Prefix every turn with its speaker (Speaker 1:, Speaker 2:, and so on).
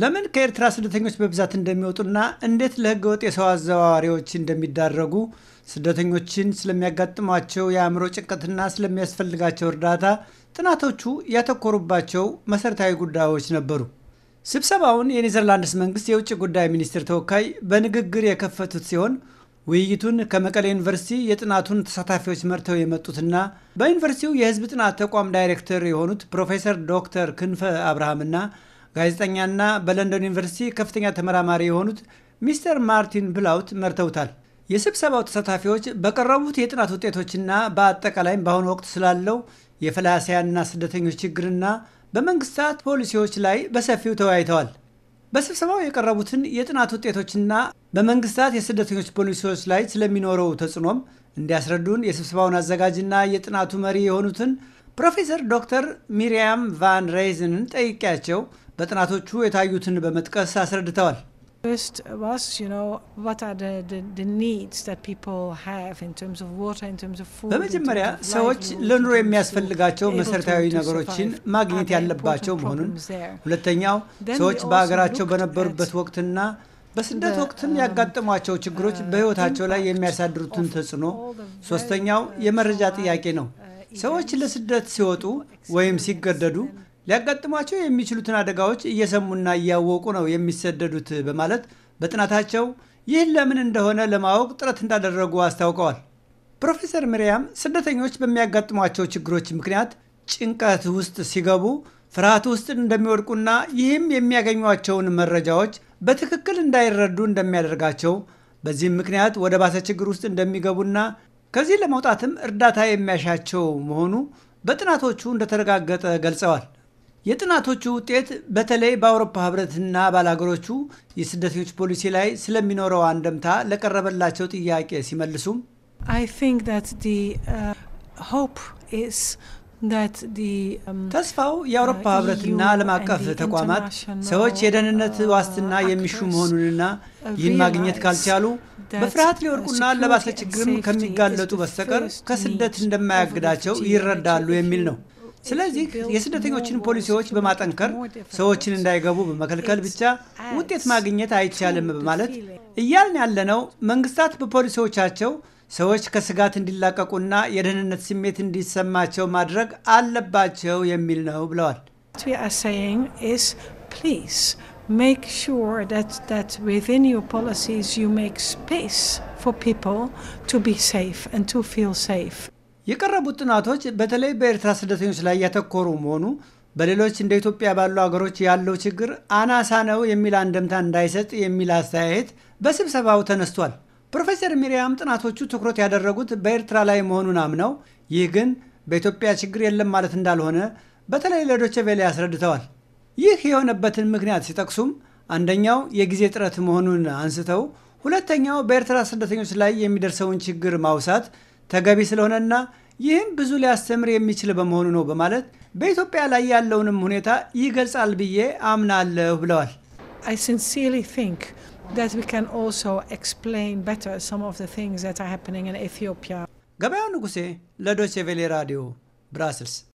Speaker 1: ለምን ከኤርትራ ስደተኞች በብዛት እንደሚወጡና እንዴት ለህገወጥ የሰው አዘዋዋሪዎች እንደሚዳረጉ ስደተኞችን ስለሚያጋጥሟቸው የአእምሮ ጭንቀትና ስለሚያስፈልጋቸው እርዳታ ጥናቶቹ ያተኮሩባቸው መሰረታዊ ጉዳዮች ነበሩ። ስብሰባውን የኔዘርላንድስ መንግስት የውጭ ጉዳይ ሚኒስትር ተወካይ በንግግር የከፈቱት ሲሆን ውይይቱን ከመቀሌ ዩኒቨርሲቲ የጥናቱን ተሳታፊዎች መርተው የመጡትና በዩኒቨርሲቲው የህዝብ ጥናት ተቋም ዳይሬክተር የሆኑት ፕሮፌሰር ዶክተር ክንፈ አብርሃምና ጋዜጠኛና በለንደን ዩኒቨርሲቲ ከፍተኛ ተመራማሪ የሆኑት ሚስተር ማርቲን ብላውት መርተውታል። የስብሰባው ተሳታፊዎች በቀረቡት የጥናት ውጤቶችና በአጠቃላይም በአሁኑ ወቅት ስላለው የፈላሲያና ስደተኞች ችግርና በመንግስታት ፖሊሲዎች ላይ በሰፊው ተወያይተዋል። በስብሰባው የቀረቡትን የጥናት ውጤቶችና በመንግስታት የስደተኞች ፖሊሲዎች ላይ ስለሚኖረው ተጽዕኖም እንዲያስረዱን የስብሰባውን አዘጋጅና የጥናቱ መሪ የሆኑትን ፕሮፌሰር ዶክተር ሚሪያም ቫን ሬይዝንን ጠይቄያቸው በጥናቶቹ የታዩትን በመጥቀስ አስረድተዋል።
Speaker 2: በመጀመሪያ ሰዎች ለኑሮ
Speaker 1: የሚያስፈልጋቸው መሰረታዊ ነገሮችን ማግኘት ያለባቸው መሆኑን፣ ሁለተኛው ሰዎች በሀገራቸው በነበሩበት ወቅትና በስደት ወቅትም um, ያጋጠሟቸው ችግሮች uh, በሕይወታቸው ላይ የሚያሳድሩትን ተጽዕኖ፣ ሶስተኛው የመረጃ ጥያቄ ነው። ሰዎች ለስደት ሲወጡ ወይም ሲገደዱ ሊያጋጥሟቸው የሚችሉትን አደጋዎች እየሰሙና እያወቁ ነው የሚሰደዱት በማለት በጥናታቸው ይህ ለምን እንደሆነ ለማወቅ ጥረት እንዳደረጉ አስታውቀዋል። ፕሮፌሰር ምርያም ስደተኞች በሚያጋጥሟቸው ችግሮች ምክንያት ጭንቀት ውስጥ ሲገቡ ፍርሃት ውስጥ እንደሚወድቁና ይህም የሚያገኟቸውን መረጃዎች በትክክል እንዳይረዱ እንደሚያደርጋቸው በዚህም ምክንያት ወደ ባሰ ችግር ውስጥ እንደሚገቡና ከዚህ ለመውጣትም እርዳታ የሚያሻቸው መሆኑ በጥናቶቹ እንደተረጋገጠ ገልጸዋል። የጥናቶቹ ውጤት በተለይ በአውሮፓ ህብረትና አባል አገሮቹ የስደተኞች ፖሊሲ ላይ ስለሚኖረው አንደምታ ለቀረበላቸው ጥያቄ ሲመልሱም
Speaker 2: Um, ተስፋው uh, የአውሮፓ e ህብረትና ዓለም አቀፍ ተቋማት ሰዎች
Speaker 1: የደህንነት uh, ዋስትና የሚሹ መሆኑንና uh, ይህን ማግኘት ካልቻሉ በፍርሃት ሊወድቁና ለባሰ ችግርም ከሚጋለጡ በስተቀር ከስደት እንደማያግዳቸው ይረዳሉ የሚል ነው። ስለዚህ የስደተኞችን ፖሊሲዎች በማጠንከር ሰዎችን እንዳይገቡ በመከልከል ብቻ ውጤት ማግኘት አይቻልም በማለት እያልን ያለነው መንግስታት በፖሊሲዎቻቸው ሰዎች ከስጋት እንዲላቀቁና የደህንነት ስሜት እንዲሰማቸው ማድረግ አለባቸው የሚል ነው ብለዋል። የቀረቡት ጥናቶች በተለይ በኤርትራ ስደተኞች ላይ ያተኮሩ መሆኑ በሌሎች እንደ ኢትዮጵያ ባሉ አገሮች ያለው ችግር አናሳ ነው የሚል አንደምታ እንዳይሰጥ የሚል አስተያየት በስብሰባው ተነስቷል። ፕሮፌሰር ሚሪያም ጥናቶቹ ትኩረት ያደረጉት በኤርትራ ላይ መሆኑን አምነው ይህ ግን በኢትዮጵያ ችግር የለም ማለት እንዳልሆነ በተለይ ለዶቼ ቬለ አስረድተዋል። ይህ የሆነበትን ምክንያት ሲጠቅሱም አንደኛው የጊዜ ጥረት መሆኑን አንስተው፣ ሁለተኛው በኤርትራ ስደተኞች ላይ የሚደርሰውን ችግር ማውሳት ተገቢ ስለሆነና ይህም ብዙ ሊያስተምር የሚችል በመሆኑ ነው በማለት በኢትዮጵያ ላይ ያለውንም ሁኔታ ይገልጻል ብዬ አምናለሁ ብለዋል።
Speaker 2: that we can also explain better some of the things that are happening in ethiopia.
Speaker 1: gabayahu nuguse lado sevele radio brussels